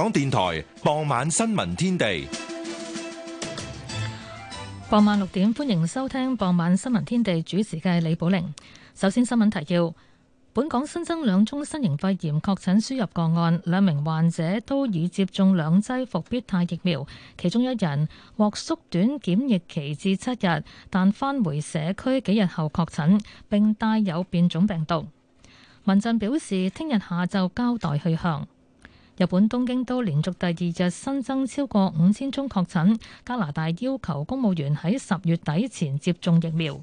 港電台傍晚新聞天地。傍晚六點，歡迎收聽傍晚新聞天地，主持嘅李寶玲。首先，新聞提要：本港新增兩宗新型肺炎確診輸入個案，兩名患者都已接種兩劑復必泰疫苗，其中一人獲縮短檢疫期至七日，但返回社區幾日後確診，並帶有變種病毒。民陣表示，聽日下晝交代去向。日本東京都連續第二日新增超過五千宗確診，加拿大要求公務員喺十月底前接種疫苗。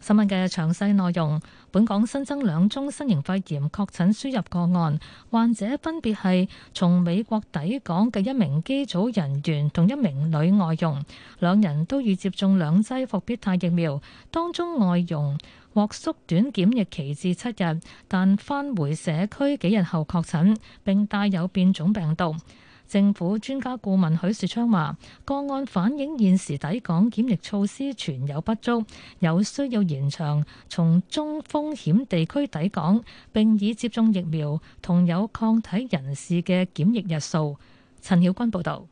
新聞嘅詳細內容，本港新增兩宗新型肺炎確診輸入個案，患者分別係從美國抵港嘅一名機組人員同一名女外傭，兩人都已接種兩劑復必泰疫苗，當中外佣獲縮短檢疫期至七日，但返回，回社區幾日後確診，並帶有變種病毒。政府專家顧問許樹昌話：個案反映現時抵港檢疫措施存有不足，有需要延長從中風險地區抵港並已接種疫苗同有抗體人士嘅檢疫日數。陳曉君報導，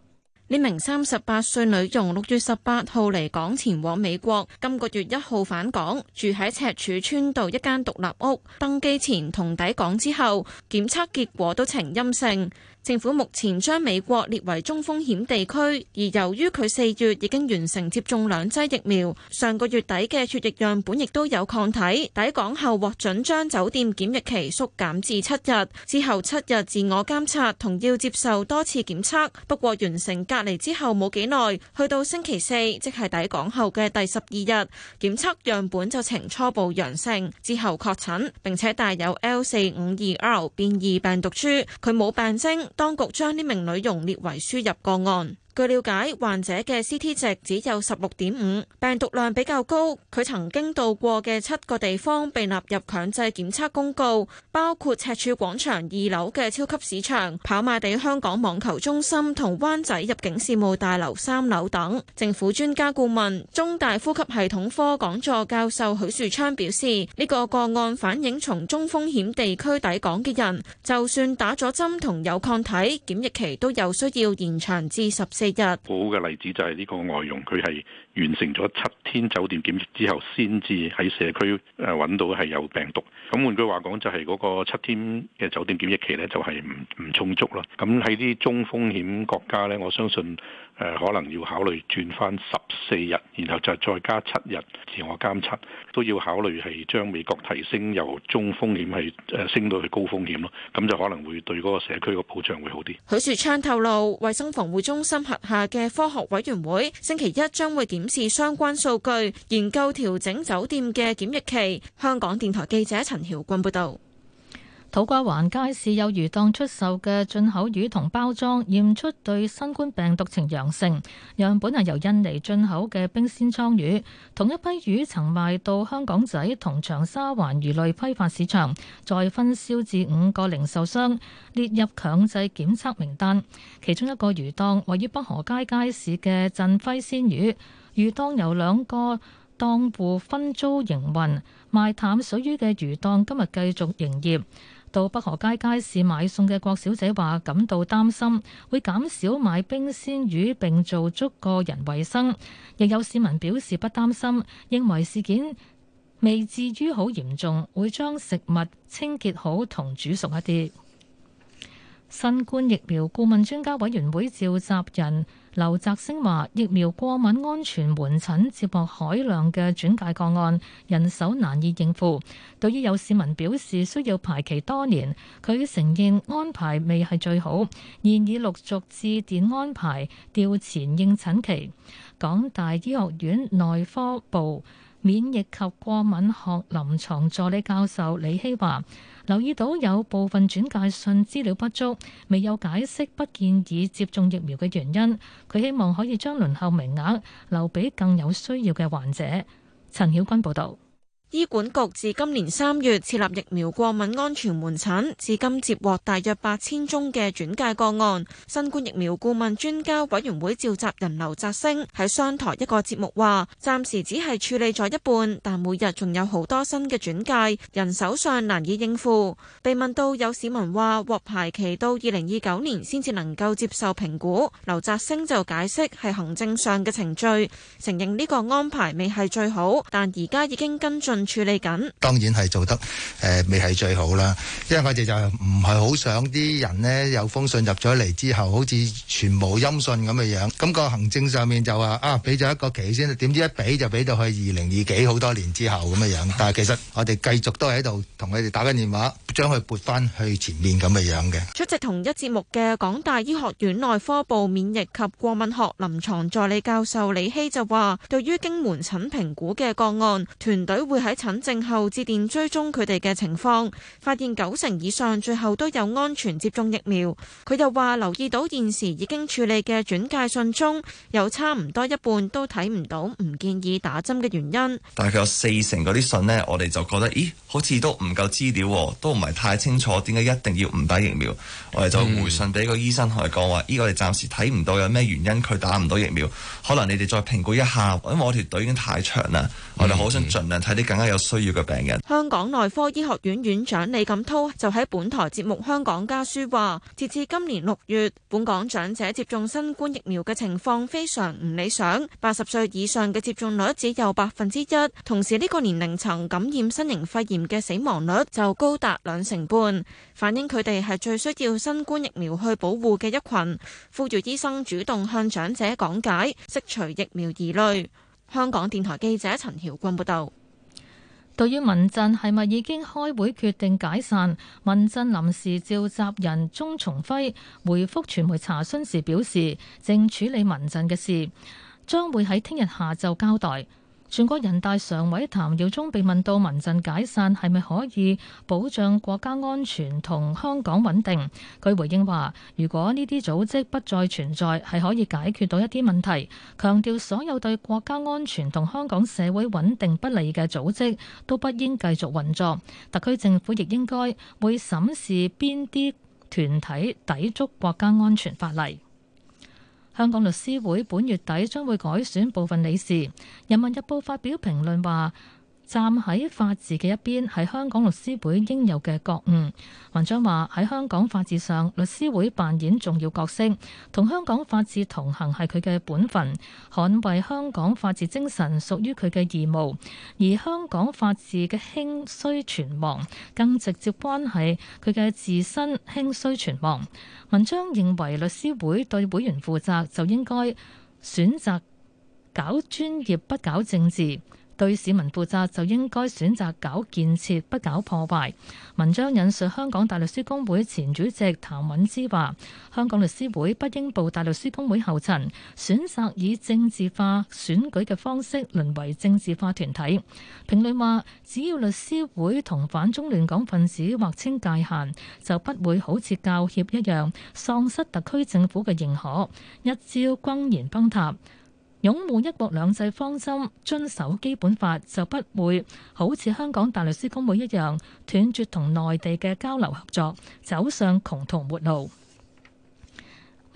呢名三十八歲女傭六月十八號離港前往美國，今個月一號返港，住喺赤柱村道一間獨立屋。登機前同抵港之後檢測結果都呈陰性。政府目前將美國列為中風險地區，而由於佢四月已經完成接種兩劑疫苗，上個月底嘅血液樣本亦都有抗體。抵港後獲准將酒店檢疫期縮減至七日，之後七日自我監察同要接受多次檢測。不過完成隔離之後冇幾耐，去到星期四，即係抵港後嘅第十二日，檢測樣本就呈初步陽性，之後確診，並且帶有 L 四五二 R 變異病毒株，佢冇病徵。當局將呢名女傭列為輸入個案。據了解，患者嘅 CT 值只有十六點五，病毒量比較高。佢曾經到過嘅七個地方被納入強制檢測公告，包括赤柱廣場二樓嘅超級市場、跑馬地香港網球中心同灣仔入境事務大樓三樓等。政府專家顧問、中大呼吸系統科講座教授許樹昌表示，呢個個案反映從中風險地區抵港嘅人，就算打咗針同有抗體，檢疫期都有需要延長至十四。好嘅例子就係呢個外傭，佢係完成咗七天酒店檢疫之後，先至喺社區誒揾到係有病毒。咁換句話講，就係、是、嗰個七天嘅酒店檢疫期呢，就係唔唔充足咯。咁喺啲中風險國家呢，我相信。誒可能要考慮轉翻十四日，然後就再加七日自我監測，都要考慮係將美國提升由中風險係誒升到去高風險咯。咁就可能會對嗰個社區個保障會好啲。許樹昌透露，衞生防護中心轄下嘅科學委員會星期一將會檢視相關數據，研究調整酒店嘅檢疫期。香港電台記者陳曉君報道。土瓜灣街市有魚檔出售嘅進口魚同包裝，驗出對新冠病毒呈陽性。樣本係由印尼進口嘅冰鮮倉魚，同一批魚曾賣到香港仔同長沙灣魚類批發市場，再分銷至五個零售商，列入強制檢測名單。其中一個魚檔位於北河街街市嘅振輝鮮魚，魚檔由兩個檔戶分租營運，賣淡水魚嘅魚檔今日繼續營業。到北河街街市買餸嘅郭小姐話感到擔心，會減少買冰鮮魚並做足個人衞生。亦有市民表示不擔心，認為事件未至於好嚴重，會將食物清潔好同煮熟一啲。新冠疫苗顧問專家委員會召集人。劉澤星話：疫苗過敏安全門診接獲海量嘅轉介個案，人手難以應付。對於有市民表示需要排期多年，佢承認安排未係最好，現已陸續致電安排調前應診期。港大醫學院內科部免疫及過敏學臨床助理教授李希話。留意到有部分轉介信資料不足，未有解釋不建議接種疫苗嘅原因。佢希望可以將輪候名額留俾更有需要嘅患者。陳曉君報導。醫管局自今年三月設立疫苗過敏安全門診，至今接獲大約八千宗嘅轉介個案。新冠疫苗顧問專家委員會召集人劉澤星喺商台一個節目話：暫時只係處理咗一半，但每日仲有好多新嘅轉介，人手上難以應付。被問到有市民話獲牌期到二零二九年先至能夠接受評估，劉澤星就解釋係行政上嘅程序，承認呢個安排未係最好，但而家已經跟進。處理緊，當然係做得誒、呃，未係最好啦。因為我哋就唔係好想啲人呢。有封信入咗嚟之後，好似全無音訊咁嘅樣。咁個行政上面就話啊，俾咗一個期先，點知一俾就俾到去二零二幾好多年之後咁嘅樣。但係其實我哋繼續都喺度同佢哋打緊電話。將佢撥翻去前面咁嘅樣嘅。出席同一節目嘅港大醫學院內科部免疫及過敏學臨床助理教授李希就話：，對於經門診評估嘅個案，團隊會喺診症後致電追蹤佢哋嘅情況，發現九成以上最後都有安全接種疫苗。佢又話：，留意到現時已經處理嘅轉介信中有差唔多一半都睇唔到，唔建議打針嘅原因。但係佢有四成嗰啲信呢，我哋就覺得，咦，好似都唔夠資料，都唔係。太清楚，點解一定要唔打疫苗？我哋就回信俾個醫生同佢講話，依、嗯、個我哋暫時睇唔到有咩原因佢打唔到疫苗，可能你哋再評估一下，因為我條隊已經太長啦，我哋好想盡量睇啲更加有需要嘅病人。嗯嗯嗯、香港內科醫學院院長李錦滔就喺本台節目《香港家書》話：，截至今年六月，本港長者接種新冠疫苗嘅情況非常唔理想，八十歲以上嘅接種率只有百分之一，同時呢個年齡層感染新型肺炎嘅死亡率就高達兩成半反映佢哋係最需要新冠疫苗去保護嘅一群，呼籲醫生主動向長者講解，釋除疫苗疑慮。香港電台記者陳曉君報道。對於民陣係咪已經開會決定解散，民陣臨時召集人鍾松輝回覆傳媒查詢時表示，正處理民陣嘅事，將會喺聽日下晝交代。全國人大常委譚耀宗被問到民陣解散係咪可以保障國家安全同香港穩定，佢回應話：如果呢啲組織不再存在，係可以解決到一啲問題。強調所有對國家安全同香港社會穩定不利嘅組織都不應繼續運作。特區政府亦應該會審視邊啲團體抵觸國家安全法例。香港律師會本月底將會改選部分理事。《人民日報》發表評論話：站喺法治嘅一邊，係香港律師會應有嘅覺悟。文章話喺香港法治上，律師會扮演重要角色，同香港法治同行係佢嘅本分，捍衛香港法治精神屬於佢嘅義務，而香港法治嘅興衰存亡更直接關係佢嘅自身興衰存亡。文章認為律師會對會員負責，就應該選擇搞專業不搞政治，對市民負責就應該選擇搞建設不搞破壞。文章引述香港大律師公會前主席譚允芝話：香港律師會不應步大律師公會後塵，選擇以政治化選舉嘅方式淪為政治化團體。評論話：只要律師會同反中亂港分子劃清界限，就不會好似教協一樣喪失特區政府嘅認可，一朝轟然崩塌。擁護一國兩制方針，遵守基本法，就不會好似香港大律師公會一樣斷絕同內地嘅交流合作，走上窮途末路。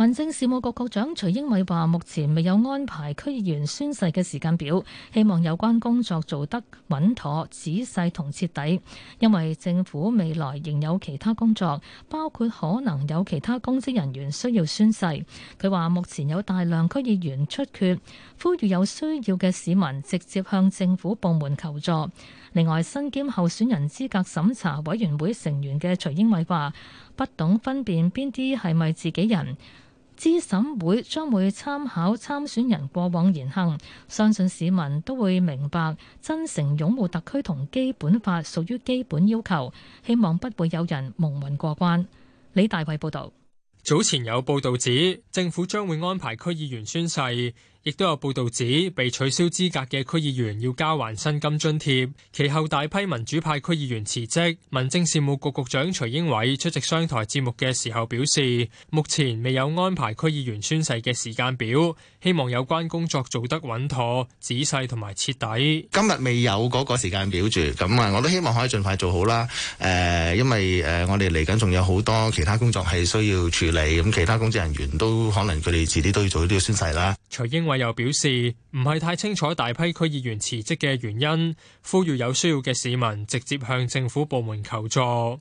民政事務局局長徐英偉話，目前未有安排區議員宣誓嘅時間表，希望有關工作做得穩妥、仔細同徹底。因為政府未來仍有其他工作，包括可能有其他公職人員需要宣誓。佢話目前有大量區議員出缺，呼籲有需要嘅市民直接向政府部門求助。另外，身兼候選人資格審查委員會成員嘅徐英偉話，不懂分辨邊啲係咪自己人。資審會將會參考參選人過往言行，相信市民都會明白，真誠擁護特區同基本法屬於基本要求，希望不會有人蒙混過關。李大衛報導。早前有報導指，政府將會安排區議員宣誓。亦都有報道指，被取消資格嘅區議員要交還薪金津貼，其後大批民主派區議員辭職。民政事務局局長徐英偉出席商台節目嘅時候表示，目前未有安排區議員宣誓嘅時間表，希望有關工作做得穩妥、仔細同埋徹底。今日未有嗰個時間表住，咁啊，我都希望可以盡快做好啦。誒、呃，因為誒我哋嚟緊仲有好多其他工作係需要處理，咁其他工作人員都可能佢哋遲啲都要做呢個宣誓啦。徐英。他又表示，唔係太清楚大批區議員辭職嘅原因，呼籲有需要嘅市民直接向政府部門求助。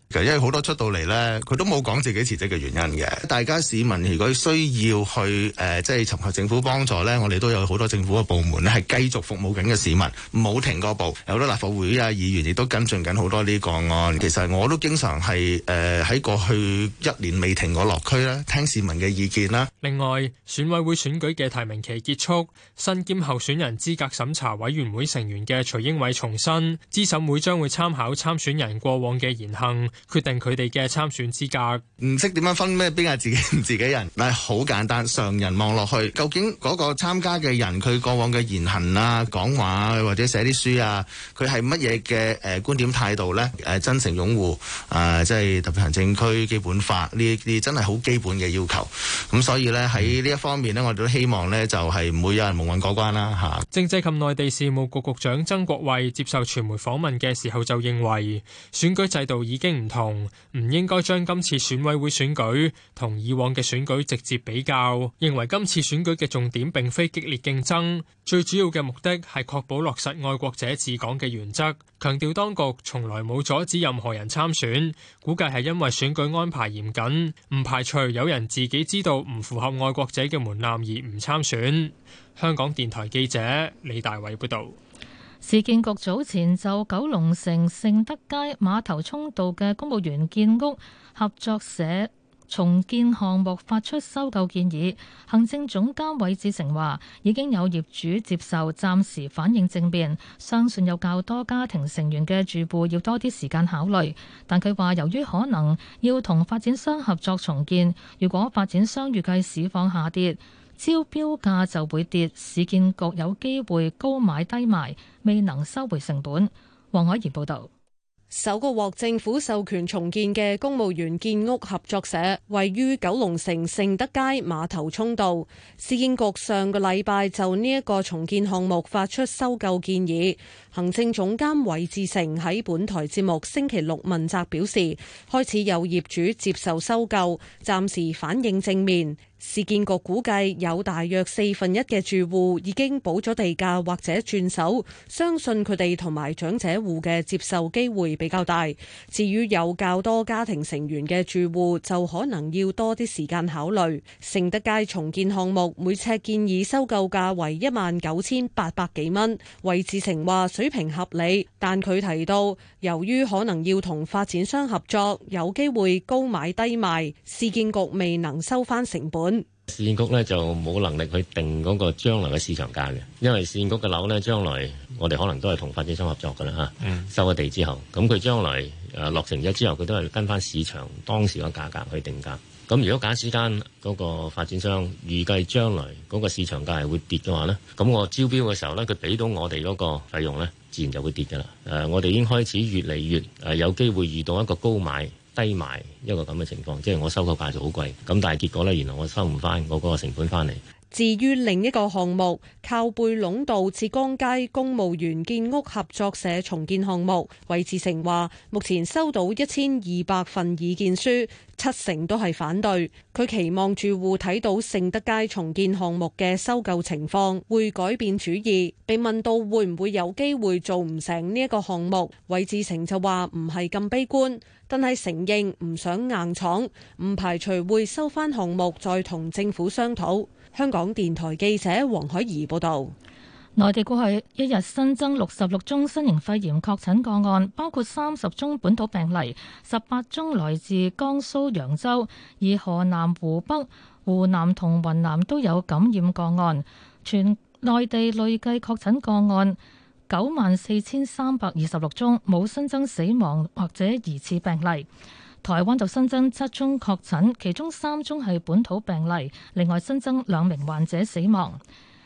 其實因為好多出到嚟咧，佢都冇講自己辭職嘅原因嘅。大家市民如果需要去誒，即係尋求政府幫助咧，我哋都有好多政府嘅部門咧係繼續服務緊嘅市民，冇停過步。有好多立法會啊，議員亦都跟進緊好多呢個案。其實我都經常係誒喺過去一年未停過落區啦，聽市民嘅意見啦。另外，選委會選舉嘅提名期結束，新兼候選人資格審查委員會成員嘅徐英偉重申，資審會將會參考參選人過往嘅言行，決定佢哋嘅參選資格。唔識點樣分咩邊係自己自己人，但係好簡單，常人望落去，究竟嗰個參加嘅人，佢過往嘅言行啊、講話啊、或者寫啲書啊，佢係乜嘢嘅誒觀點態度咧？誒，真誠擁護誒，即係特別行政區基本法呢啲，真係好基本嘅要求。咁所以咧喺呢一方面咧，我哋都希望咧就係唔會有人蒙混過關。啦吓，政制及內地事務局局長曾國衛接受傳媒訪問嘅時候就認為，選舉制度已經唔同，唔應該將今次選委會選舉同以往嘅選舉直接比較。認為今次選舉嘅重點並非激烈競爭，最主要嘅目的係確保落實愛國者治港嘅原則。強調當局從來冇阻止任何人參選，估計係因為選舉安排嚴謹，唔排除有人自己知道唔符合愛國者嘅門檻而唔參選。香港電台記者李大偉報道，市建局早前就九龍城盛德街馬頭涌道嘅公務員建屋合作社重建項目發出收購建議。行政總監韋志成話，已經有業主接受暫時反應政變，相信有較多家庭成員嘅住戶要多啲時間考慮。但佢話，由於可能要同發展商合作重建，如果發展商預計市況下跌。招標價就會跌，市建局有機會高買低賣，未能收回成本。黃海賢報道，首個獲政府授權重建嘅公務員建屋合作社，位於九龍城盛德街馬頭涌道，市建局上個禮拜就呢一個重建項目發出收購建議。行政總監韋志成喺本台節目星期六問責表示，開始有業主接受收購，暫時反應正面。市建局估計有大約四分一嘅住戶已經補咗地價或者轉手，相信佢哋同埋長者戶嘅接受機會比較大。至於有較多家庭成員嘅住戶，就可能要多啲時間考慮。盛德街重建項目每尺建議收購價為一萬九千八百幾蚊。韋志成話。水平合理，但佢提到，由於可能要同發展商合作，有機會高買低賣，市建局未能收翻成本。市建局咧就冇能力去定嗰個將來嘅市場價嘅，因為市建局嘅樓咧，將來我哋可能都係同發展商合作噶啦嚇，嗯、收咗地之後，咁佢將來誒落成咗之後，佢都係跟翻市場當時個價格去定價。咁如果假使間嗰個發展商預計將來嗰個市場價係會跌嘅話呢，呢咁我招標嘅時候呢，佢俾到我哋嗰個費用呢，自然就會跌嘅啦。誒、呃，我哋已經開始越嚟越誒、呃、有機會遇到一個高買低賣一個咁嘅情況，即係我收購價就好貴，咁但係結果呢，原來我收唔翻我嗰個成本翻嚟。至於另一個項目，靠背壟道、浙江街公務員建屋合作社重建項目，韋志成話：目前收到一千二百份意見書，七成都係反對。佢期望住戶睇到盛德街重建項目嘅收購情況，會改變主意。被問到會唔會有機會做唔成呢一個項目，韋志成就話：唔係咁悲觀，但係承認唔想硬闖，唔排除會收翻項目，再同政府商討。香港電台記者黃海怡報道：內地過去一日新增六十六宗新型肺炎確診個案，包括三十宗本土病例，十八宗來自江蘇揚州，而河南、湖北、湖南同雲南都有感染個案。全內地累計確診個案九萬四千三百二十六宗，冇新增死亡或者疑似病例。台灣就新增七宗確診，其中三宗係本土病例，另外新增兩名患者死亡。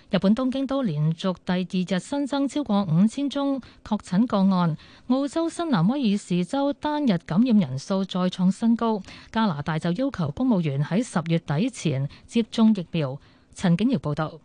日本東京都連續第二日新增超過五千宗確診個案。澳洲新南威爾士州單日感染人數再創新高。加拿大就要求公務員喺十月底前接種疫苗。陳景堯報道。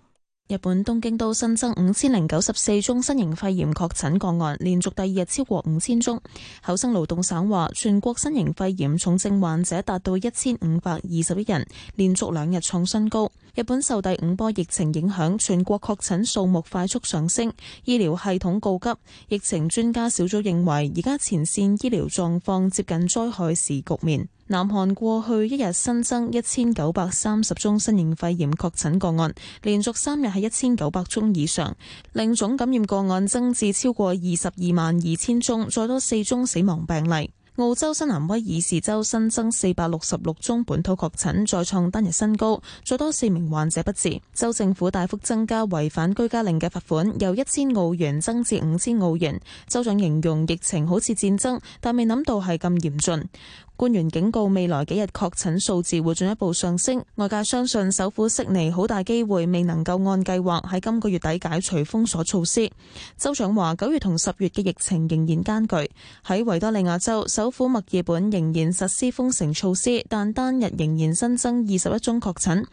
日本東京都新增五千零九十四宗新型肺炎確診個案，連續第二日超過五千宗。厚生勞動省話，全國新型肺炎重症患者達到一千五百二十一人，連續兩日創新高。日本受第五波疫情影響，全國確診數目快速上升，醫療系統告急。疫情專家小組認為，而家前線醫療狀況接近災害時局面。南韓過去一日新增一千九百三十宗新型肺炎確診個案，連續三日係一千九百宗以上，令總感染個案增至超過二十二萬二千宗，再多四宗死亡病例。澳洲新南威爾士州新增四百六十六宗本土確診，再創單日新高，再多四名患者不治。州政府大幅增加違反居家令嘅罰款，由一千澳元增至五千澳元。州長形容疫情好似戰爭，但未諗到係咁嚴峻。官員警告未來幾日確診數字會進一步上升。外界相信首府悉尼好大機會未能夠按計劃喺今個月底解除封鎖措施。州長話九月同十月嘅疫情仍然艱巨。喺維多利亞州，首府墨爾本仍然實施封城措施，但單日仍然新增二十一宗確診。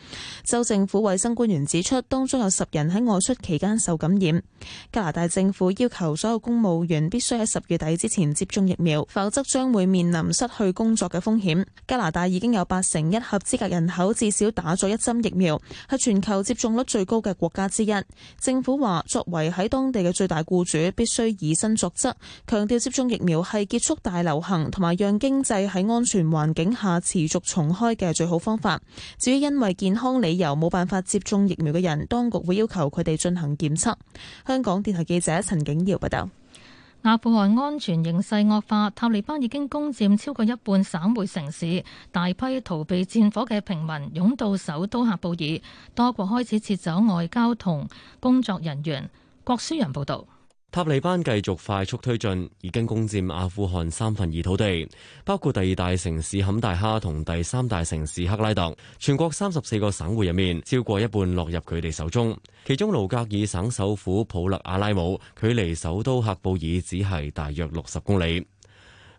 州政府衛生官員指出，當中有十人喺外出期間受感染。加拿大政府要求所有公務員必須喺十月底之前接種疫苗，否則將會面臨失去工作嘅風險。加拿大已經有八成一合資格人口至少打咗一針疫苗，係全球接種率最高嘅國家之一。政府話，作為喺當地嘅最大僱主，必須以身作則，強調接種疫苗係結束大流行同埋讓經濟喺安全環境下持續重開嘅最好方法。至於因為健康理由冇辦法接種疫苗嘅人，當局會要求佢哋進行檢測。香港電台記者陳景堯報道。阿富汗安全形勢惡化，塔利班已經攻占超過一半省會城市，大批逃避戰火嘅平民湧到首都喀布爾，多國開始撤走外交同工作人員。郭舒陽報道。塔利班繼續快速推進，已經攻占阿富汗三分二土地，包括第二大城市坎大哈同第三大城市克拉特。全國三十四個省會入面，超過一半落入佢哋手中。其中盧格爾省首府普勒阿拉姆，距離首都喀布爾只係大約六十公里。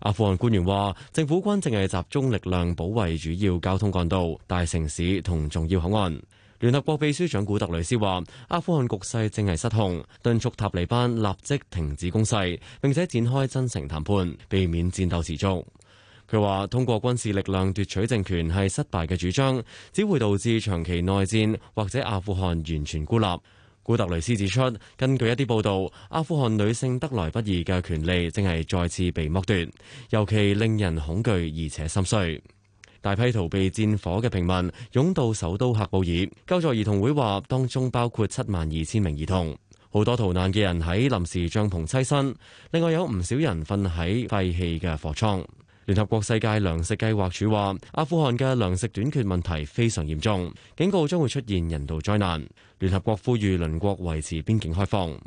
阿富汗官員話，政府軍正係集中力量保衛主要交通幹道、大城市同重要口岸。聯合國秘書長古特雷斯話：阿富汗局勢正係失控，敦促塔利班立即停止攻勢，並且展開真誠談判，避免戰鬥持續。佢話：通過軍事力量奪取政權係失敗嘅主張，只會導致長期內戰或者阿富汗完全孤立。古特雷斯指出，根據一啲報道，阿富汗女性得來不易嘅權利正係再次被剝奪，尤其令人恐懼而且心碎。大批逃避戰火嘅平民湧到首都喀布爾，救助兒童會話，當中包括七萬二千名兒童。好多逃難嘅人喺臨時帳篷棲身，另外有唔少人瞓喺廢棄嘅貨倉。聯合國世界糧食計劃署話，阿富汗嘅糧食短缺問題非常嚴重，警告將會出現人道災難。聯合國呼籲鄰國維持邊境開放。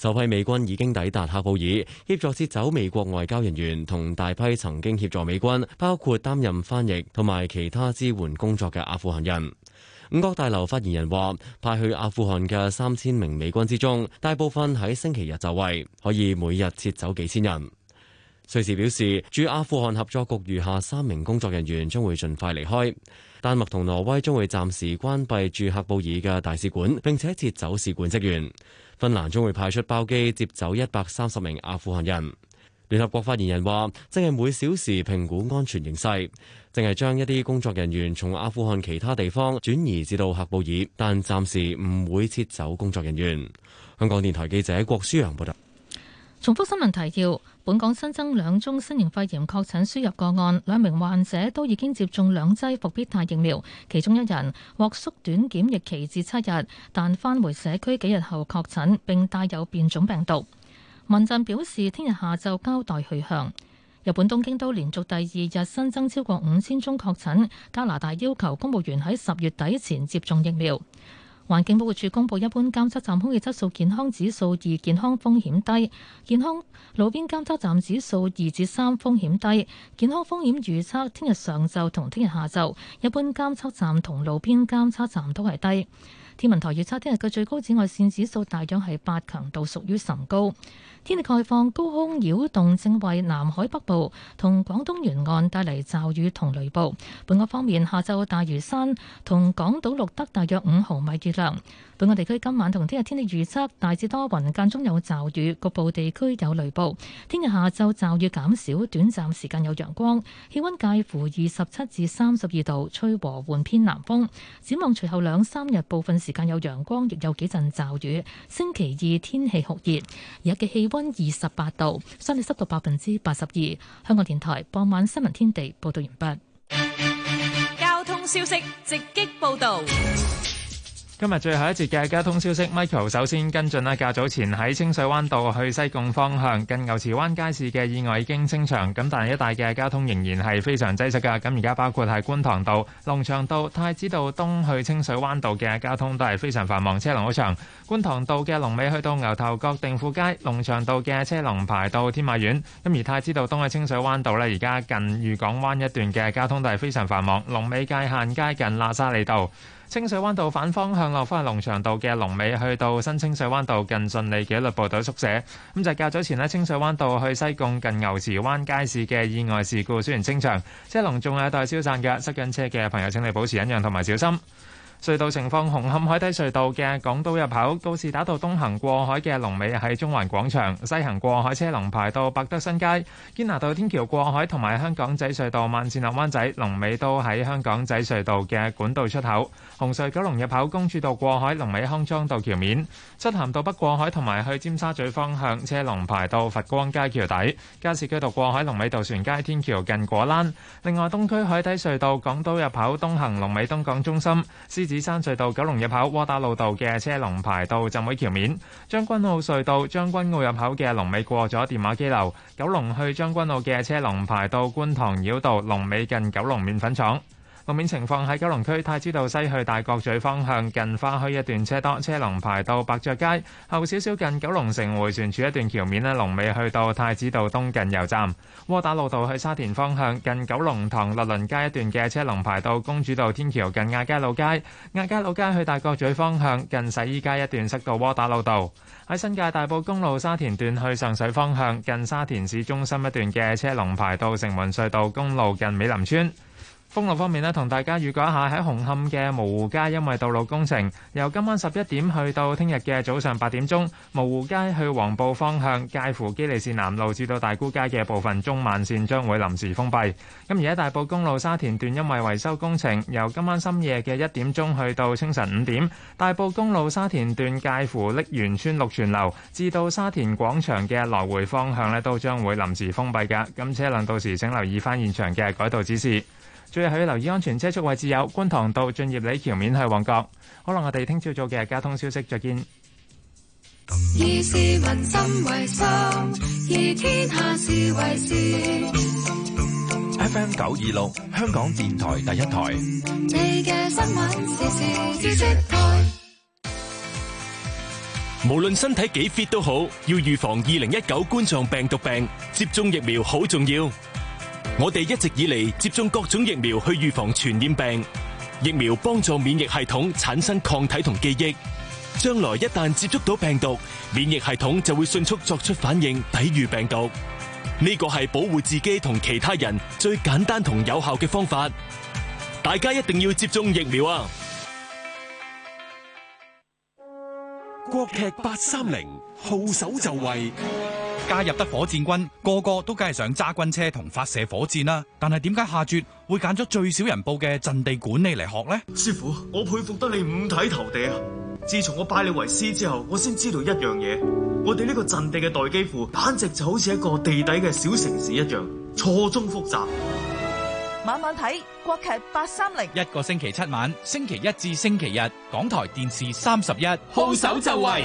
首批美軍已經抵達喀布爾，協助撤走美國外交人員同大批曾經協助美軍，包括擔任翻譯同埋其他支援工作嘅阿富汗人。五角大樓發言人話：派去阿富汗嘅三千名美軍之中，大部分喺星期日就位，可以每日撤走幾千人。瑞士表示，駐阿富汗合作局餘下三名工作人員將會盡快離開。丹麥同挪威將會暫時關閉駐喀布爾嘅大使館，並且撤走使館職員。芬蘭將會派出包機接走一百三十名阿富汗人。聯合國發言人話，淨係每小時評估安全形勢，淨係將一啲工作人員從阿富汗其他地方轉移至到喀布爾，但暫時唔會撤走工作人員。香港電台記者郭舒洋報道。重複新聞提要，本港新增兩宗新型肺炎確診輸入個案，兩名患者都已經接種兩劑復必泰疫苗，其中一人獲縮短檢疫期至七日，但返回社區幾日後確診並帶有變種病毒。民陣表示，聽日下晝交代去向。日本東京都連續第二日新增超過五千宗確診，加拿大要求公務員喺十月底前接種疫苗。環境保護署公布，一般監測站空氣質素健康指數二，健康風險低；健康路邊監測站指數二至三，3，風險低。健康風險預測，聽日上晝同聽日下晝，一般監測站同路邊監測站都係低。天文台預測聽日嘅最高紫外線指數大約係八，強度屬於甚高。天氣概況，高空擾動正為南海北部同廣東沿岸帶嚟驟雨同雷暴。本港方面，下晝大嶼山同港島錄得大約五毫米雨量。本港地區今晚同聽日天氣預測大致多雲，間中有驟雨，局部地區有雷暴。聽日下晝驟雨減少，短暫時間有陽光，氣温介乎二十七至三十二度，吹和緩偏南風。展望隨後兩三日，部分時間有陽光，亦有幾陣驟雨。星期二天氣酷熱，而家嘅氣温二十八度，相對濕度百分之八十二。香港電台傍晚新聞天地報道完畢。交通消息直擊報導。今日最後一節嘅交通消息，Michael 首先跟進啦。較早前喺清水灣道去西貢方向，近牛池灣街市嘅意外已經清場，咁但係一帶嘅交通仍然係非常擠塞嘅。咁而家包括喺觀塘道、龍翔道、太子道東去清水灣道嘅交通都係非常繁忙，車龍好長。觀塘道嘅龍尾去到牛頭角定富街，龍翔道嘅車龍排到天馬苑。咁而太子道東去清水灣道呢，而家近御港灣一段嘅交通都係非常繁忙，龍尾界限街近喇沙利道。清水灣道反方向落返去龍翔道嘅龍尾，去到新清水灣道近順利紀律部隊宿舍。咁就係較早前咧，清水灣道去西貢近牛池灣街市嘅意外事故，雖然清場，車龍仲有待消散嘅，塞緊車嘅朋友，請你保持忍讓同埋小心。隧道情況：紅磡海底隧道嘅港島入口，告士打道東行過海嘅龍尾喺中環廣場；西行過海車龍排到百德新街。堅拿道天橋過海同埋香港仔隧道慢線立灣仔龍尾都喺香港仔隧道嘅管道出口。紅隧九龍入口公主道過海龍尾康莊道橋面。漆咸道北過海同埋去尖沙咀方向車龍排到佛光街橋底。加士居道過海龍尾渡船街天橋近果欄。另外，東區海底隧道港島入口東行龍尾東港中心。獅山隧道九龍入口、窩打老道嘅車龍排到浸會橋面；將軍澳隧道將軍澳入口嘅龍尾過咗電話機樓；九龍去將軍澳嘅車龍排到觀塘繞道龍尾近九龍麵粉廠。路面情況喺九龍區太子道西去大角咀方向，近花墟一段車多，車龍排到白爵街後少少。近九龍城迴旋處一段橋面咧，龍尾去到太子道東近油站。窩打老道去沙田方向，近九龍塘立倫街一段嘅車龍排到公主道天橋近亞皆老街。亞皆老街去大角咀方向，近洗衣街一段塞到窩打老道。喺新界大埔公路沙田段去上水方向，近沙田市中心一段嘅車龍排到城門隧道公路近美林村。封路方面呢，同大家預告一下，喺紅磡嘅蕪湖街，因為道路工程，由今晚十一點去到聽日嘅早上八點鐘，蕪湖街去黃埔方向，介乎機利士南路至到大沽街嘅部分中慢線將會臨時封閉。咁而家大埔公路沙田段，因為維修工程，由今晚深夜嘅一點鐘去到清晨五點，大埔公路沙田段介乎瀝源村祿泉樓至到沙田廣場嘅來回方向呢，都將會臨時封閉噶。咁車輛到時請留意返現場嘅改道指示。最後要留意安全車速位置，有觀塘道駿業里橋面去旺角。好啦，我哋聽朝早嘅交通消息再見。以民心為心，以天下事為事。FM 九二六，香港電台第一台。無論身體幾 fit 都好，要預防二零一九冠狀病毒病，接種疫苗好重要。我哋一直以嚟接種各種疫苗去預防傳染病，疫苗幫助免疫系統產生抗體同記憶，將來一旦接觸到病毒，免疫系統就會迅速作出反應，抵御病毒。呢個係保護自己同其他人最簡單同有效嘅方法，大家一定要接種疫苗啊！國劇八三零，號手就位。加入得火箭軍，個個都梗係想揸軍車同發射火箭啦。但係點解下絕會揀咗最少人報嘅陣地管理嚟學呢？師傅，我佩服得你五體投地啊！自從我拜你為師之後，我先知道一樣嘢，我哋呢個陣地嘅代機庫，簡直就好似一個地底嘅小城市一樣，錯綜複雜。晚晚睇國劇八三零，一個星期七晚，星期一至星期日，港台電視三十一，號手就位。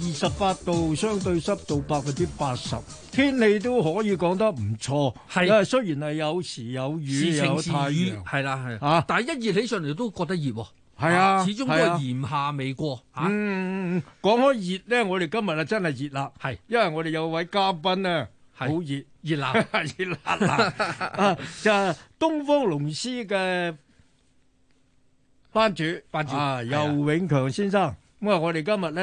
十八度，相對濕度百分之八十，天氣都可以講得唔錯係啊，雖然係有時有雨，有太熱，係啦，係啊，但係一熱起上嚟都覺得熱，係啊，始終都係炎夏未過，嗯嗯嗯，講開熱咧，我哋今日啊真係熱啦。係因為我哋有位嘉賓啊，好熱熱辣，熱辣辣就係東方龍獅嘅班主，班主啊遊永強先生。咁啊，我哋今日咧。